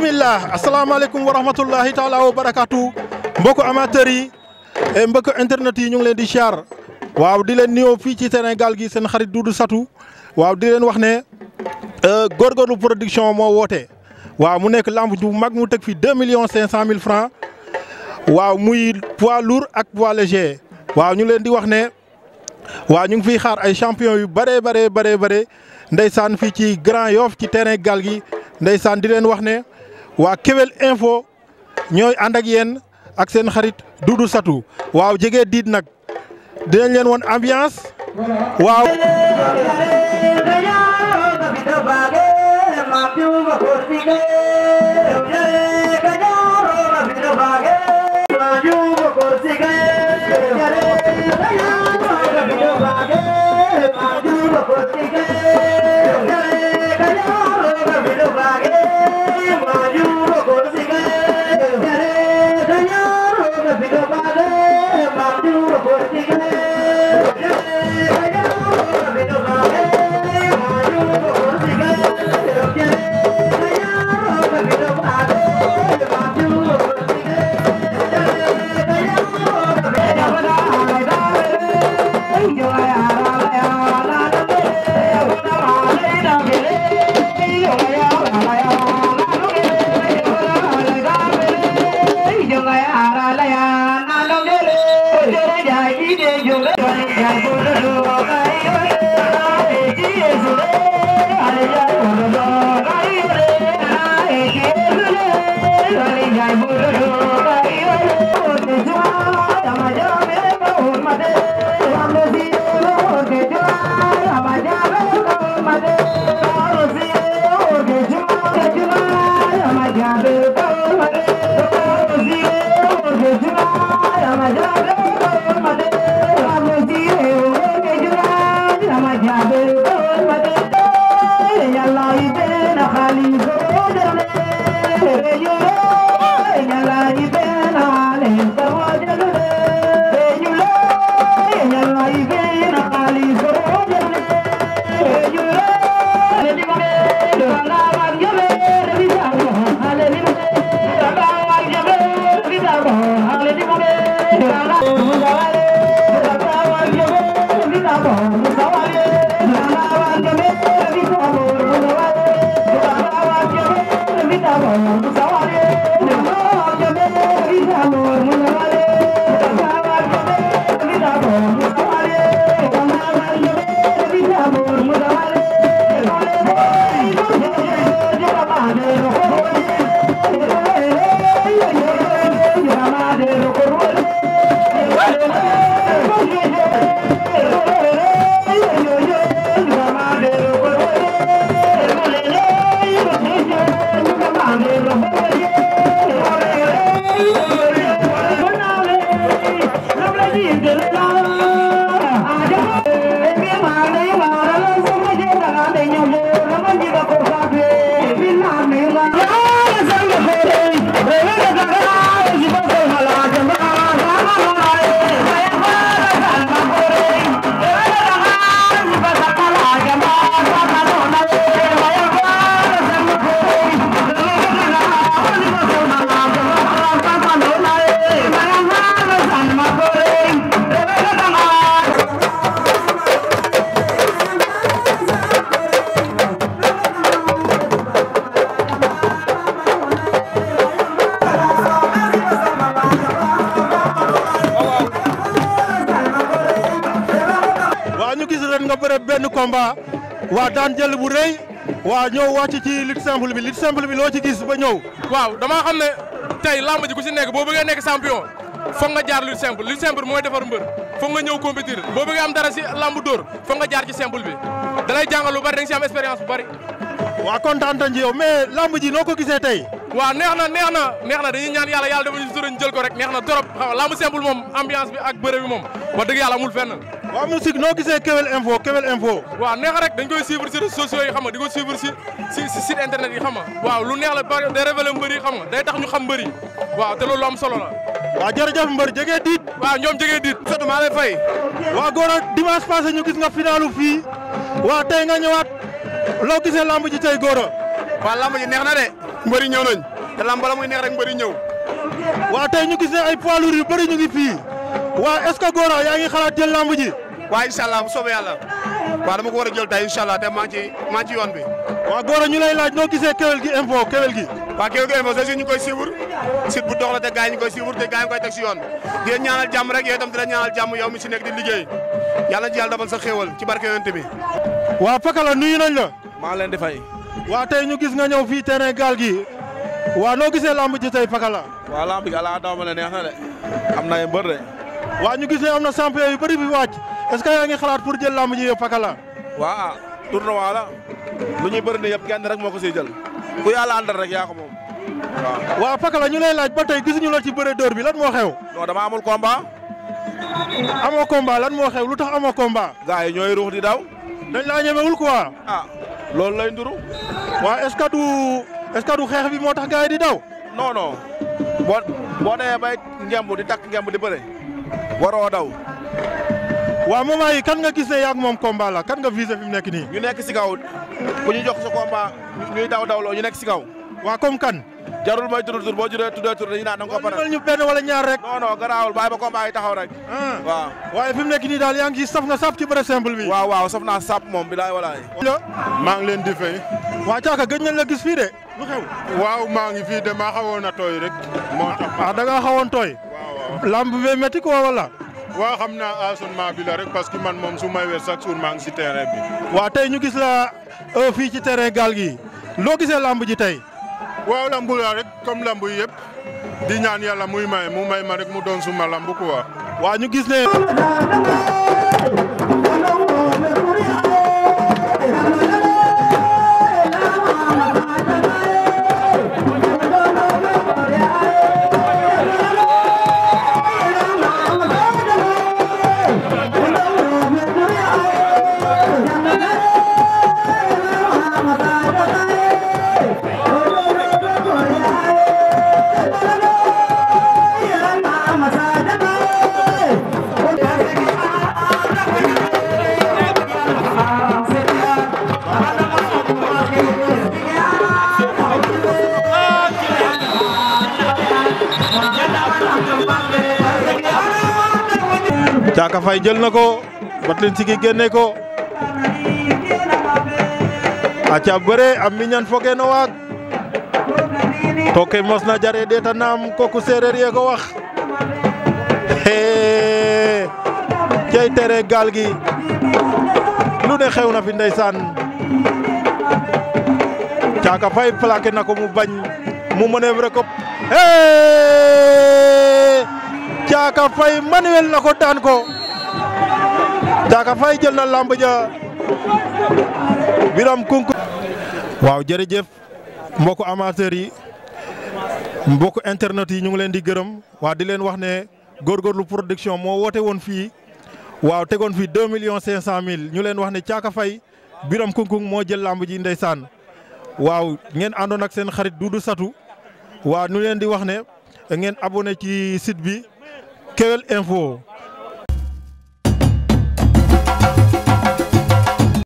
bisimilah asalaamaaleykum wa rahmatullahi taala wa barakaatu mbokku amateur yi eh, mbokku internet yi ñu ngi leen di siyaar waaw di leen nuyoo fii ci Sénégal gi seen xarit du satu waaw di leen wax ne eh, góorgóorlu production moo woote waaw mu nekk lamb ju mag mu teg fi million millions 500 mille francs waaw muy poids lourd ak poids léger waaw ñu leen di wax ne waaw ñu ngi fiy xaar ay champion yu bëree bëree bëree bëri ndeysaan fii ci Grand Yoff ci terrain gaal gi ndeysaan di leen wax ne waa Kewel Info ñooy ànd ak yéen ak seen xarit Doudou Satou waaw jege diit nag dinañ leen won ambiance waaw. Hallelujah. nga bëre benn combat waa daan jël bu rëy waa ñëw wàcc ci lutte simple bi lutte bi loo ci gis ba ñëw. waaw damaa xam ne tey làmb ji ku ci nekk boobu bëggee nekk champion foog nga jaar lutte simple lutte simple mooy defar mbër foog nga ñëw compétir boo bëggee am dara si làmb dóor foog nga jaar ci simple bi da lay jàngal bari da si am expérience bu bari. waa kontaan nañ ci yow mais làmb ji noo ko gisee tey. waaw neex na neex na neex na dañuy ñaan yàlla yàlla dafa ñu ko rek neex na trop xam nga làmb simple moom ambiance bi ak waaw musique noo gisee Kewel Info Kewel Info. waaw neex rek dañ koy suivre si réseaux sociaux yi xam nga di ko suivre si si internet yi xam nga waaw lu neex la par day révélé mbër yi xam nga day tax ñu xam mbër yi waaw te loolu am solo la. waaw jërëjëf mbër jege diit. waaw ñoom jege diit. sotu fay. waaw góor a dimanche ñu gis nga finalu fii waaw tey nga ñëwaat loo gisee lamb ji tey góor waa waaw lamb ji neex na de. mbër yi ñëw nañ te lamb la muy neex rek mbër yi ñëw. waaw tey ñu gis ne ay yu bëri ñu ngi fii waaw est ce que Gora yaa ngi xalaat jël lamb ji. waaw incha allah bu soobee yàlla waaw dama ko war a jël tey incha allah te maa ngi yoon bi. waaw Gora ñu lay laaj noo gisee Kewel gi info Kewel gi. waaw Kewel gi info c'est ñu koy suivre site bu dox te gars ñu koy suivre te gars koy teg si yoon ñaanal jàmm rek yow itam di ñaanal jàmm yow mi si nekk di liggéey yàlla na ci dabal sa xéewal ci barke yonent bi. waaw Pakala nuyu nañ la. maa leen di fay. waaw tey ñu gis nga ñëw fii terrain gaal gi waaw noo gisee lamb ji tey Pakala. waaw lamb ji ala daw ma am na ay mbër de waa ñu gis ne am na samp yu bëri bi wàcc est-ce que yaa ngi xalaat pour jël lamb ji yëpp pakala waa tournoi la lu ñuy bëri ni yëpp kenn rek moo ko siy jël ku yàlla àndal rek yaa ko moom waaw waaw pakala ñu lay laaj ba tey ñu la ci bëre dóor bi lan moo xew non dama amul combat amoo combat lan moo xew lu tax am combat gars yi ñooy ruux di daw dañ laa ñemewul quoi ah loolu lay nduru waa est-ce que du est du xeex bi moo tax gars di daw non non boo boo demee bay ngemb di takk ngemb di bëre waroo daw. waa moment yi kan nga gis ne yaag moom combat la kan nga visé fi nekk nii. ñu nekk si kaw ku ñu jox sa combat ñuy daw dawloo ñu nekk si kaw. waa comme kan. jarul may tudd tur boo juree tuddee tur dañuy naan da nga ko ñu benn wala ñaar rek. non non rek. Ah. waaw. waaye fi mu nekk nii daal yaa ngi saf nga saf ci bëre simple bi. waaw waaw saf naa saf moom bilaay walaay. maa ngi leen di fay. waa Caaka gëj nañ la gis fii de. lu xew waaw maa ngi fii de maa xawoon na tooy rek. moo tax ah da ngaa xawoon tooy. lamb bi métti ko wala. waa xam naa assolement bi la rek parce que man moom su may wër chaque jour maa ngi si terrain bi. waa tey ñu gis la euh, fii ci terrain gaal gi loo gisee lamb ji tey. wa lamb la rek comme lamb yi yëpp di ñaan yàlla muy may mu may ma rek mu doon suma lamb quoi. waa ñu gis ne. Caaka Faye jël na ko Batlin Sigi génne ko aca bëre am miñan foge no waag to ke mosna jare ɗeta naam koku seereer ye ko wax e cey tere gaal gi lu ne xew na fi ndeysaan Caaka Faye plaqué na ko mu bañ mu manœuvre ko e Diaka Faye manuel na ko daan ko Diaka Faye jël na lamb ja Biram Kunku waaw jërëjëf mbokku amateurs yi mbokku internet yi ñu ngi leen di gërëm waa di leen wax ne góorgóorlu production moo woote woon fii waaw tegoon fii deux millions cinq cent mille ñu leen wax ne Diaka fay Biram Kunku moo jël lamb ji ndeysaan waaw ngeen àndoon ak seen xarit Doudou Satou waaw ñu leen di wax ne ngeen abone ci sit bi Kewel Info